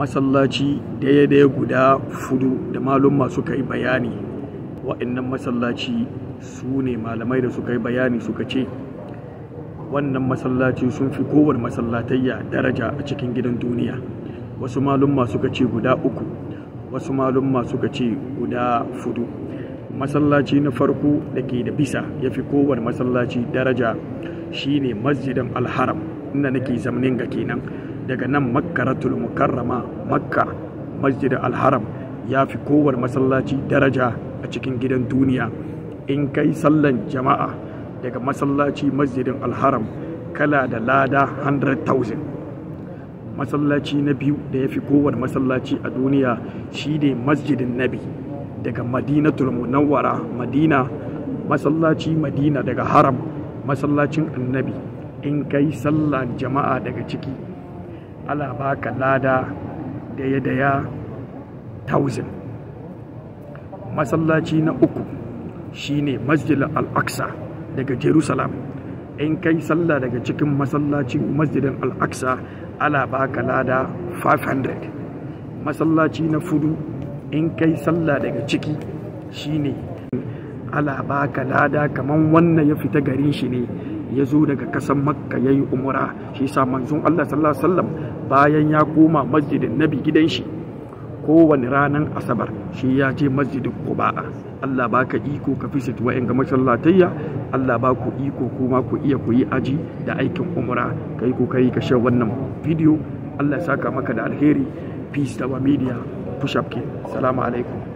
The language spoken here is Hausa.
masallaci daya-daya guda fudu da malumma suka yi bayani wa'annan masallaci su ne malamai da suka yi bayani suka ce wannan masallaci sun fi kowar masallatayya daraja a cikin gidan duniya wasu malumma suka ce guda uku wasu malumma suka ce guda fudu masallaci na farko da ke da bisa ya fi kowar masallaci daraja shine masjidan alharam inda nake zamanin ga kenan daga nan makkaratul mukarrama makka masjid alharam ya fi kowar masallaci daraja a cikin gidan duniya in kai sallan jama'a daga masallaci masjidin alharam kala da lada 100,000 masallaci na biyu da ya fi kowar masallaci a duniya shi ne masjidin nabi daga madinatul munawwara madina masallaci madina daga haram masallacin annabi in kai sallan jama'a daga ciki ana baka lada daya daya tausin masallaci na uku shine masjid al-aqsa daga jerusalem in kai sallah daga cikin masallacin masjidin al-aqsa ana baka lada 500 masallaci na fudu in kai sallah daga ciki shine ala baka lada kaman wannan ya fita garin shi ne ya zo daga kasan makka ya yi umura shi sa manzon allah sallallahu alaihi wasallam bayan ya koma masjidin nabi gidan shi kowane ranar asabar shi ya je masjidin kuba'a allah ba ka iko ka fisit wa'in ga masallatayya allah ba ku iko kuma ku iya ku yi aji da aikin umura ka yi kai ka share wannan bidiyo allah ya saka maka da alheri peace da media push up ke salamu alaikum